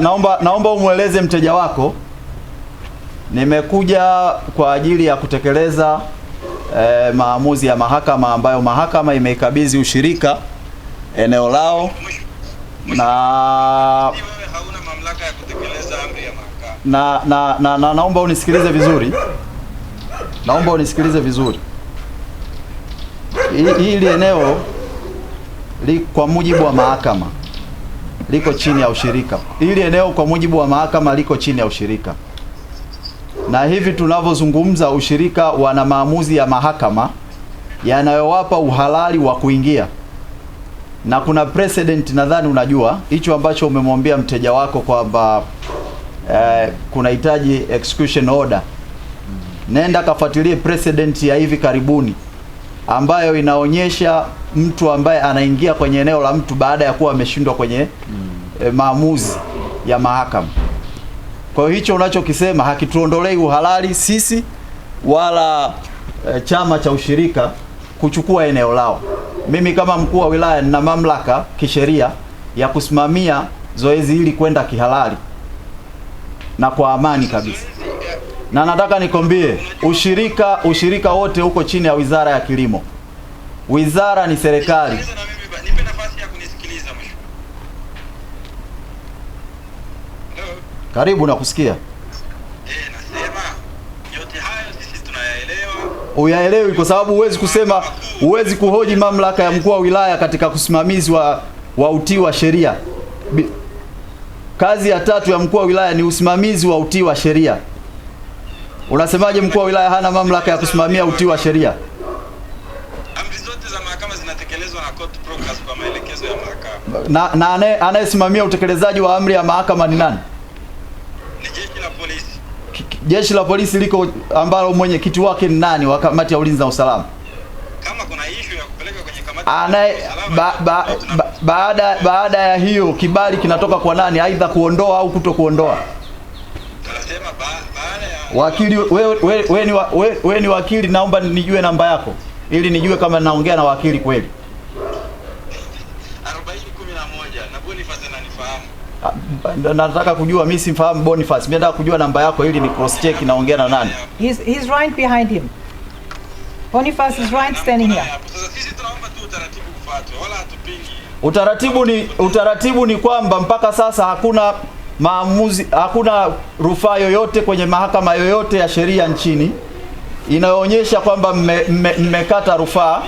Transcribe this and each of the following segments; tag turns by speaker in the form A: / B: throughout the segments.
A: Naomba, naomba umweleze mteja wako nimekuja kwa ajili ya kutekeleza e, maamuzi ya mahakama ambayo mahakama imeikabidhi ushirika eneo lao na, na, na, na, na naomba unisikilize vizuri, naomba unisikilize vizuri. Hili eneo li kwa mujibu wa mahakama liko chini ya ushirika. Hili eneo kwa mujibu wa mahakama liko chini ya ushirika, na hivi tunavyozungumza, ushirika wana maamuzi ya mahakama yanayowapa uhalali wa kuingia, na kuna precedent, nadhani unajua hicho ambacho umemwambia mteja wako kwamba eh, kunahitaji execution order. Nenda kafuatilie precedent ya hivi karibuni ambayo inaonyesha mtu ambaye anaingia kwenye eneo la mtu baada ya kuwa ameshindwa kwenye e, maamuzi ya mahakama. Kwa hiyo hicho unachokisema hakituondolei uhalali sisi wala e, chama cha ushirika kuchukua eneo lao. Mimi kama mkuu wa wilaya nina mamlaka kisheria ya kusimamia zoezi hili kwenda kihalali na kwa amani kabisa na nataka nikwambie ushirika ushirika wote uko chini ya Wizara ya Kilimo. Wizara ni serikali. Karibu na kusikia. Eh, Uyaelewi kwa sababu huwezi kusema, huwezi kuhoji mamlaka ya mkuu wa wilaya katika usimamizi wa, wa utii wa sheria. Kazi ya tatu ya mkuu wa wilaya ni usimamizi wa utii wa sheria. Unasemaje, mkuu wa wilaya hana mamlaka ya kusimamia utii wa sheria?
B: Amri zote za mahakama zinatekelezwa na court process kwa maelekezo ya mahakama.
A: Na, na anayesimamia utekelezaji wa amri ya mahakama ni nani?
B: Ni jeshi la polisi.
A: Jeshi la polisi liko ambalo mwenyekiti wake ni nani wa kamati ya ulinzi na usalama?
B: Kama kuna issue ya kupeleka kwenye kamati anaye
A: ba, ba, ba, baada baada ya hiyo kibali kinatoka kwa nani, aidha kuondoa au kuto kuondoa?
B: Tunasema baada ya
A: Wakili wewe we, we, ni, we, we ni wakili, naomba nijue namba yako ili nijue kama naongea na wakili kweli. Ah, nataka kujua, mimi simfahamu Boniface. Mimi nataka kujua namba yako ili ni cross check naongea na nani.
C: He's, he's right behind him. Boniface is right standing here.
A: Utaratibu ni utaratibu ni kwamba mpaka sasa hakuna maamuzi, hakuna rufaa yoyote kwenye mahakama yoyote ya sheria nchini inayoonyesha kwamba mmekata rufaa,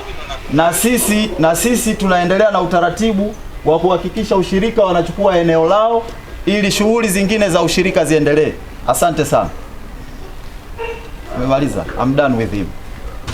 A: na sisi na sisi tunaendelea na utaratibu wa kuhakikisha ushirika wanachukua eneo lao ili shughuli zingine za ushirika ziendelee. Asante sana, umemaliza I'm done with him.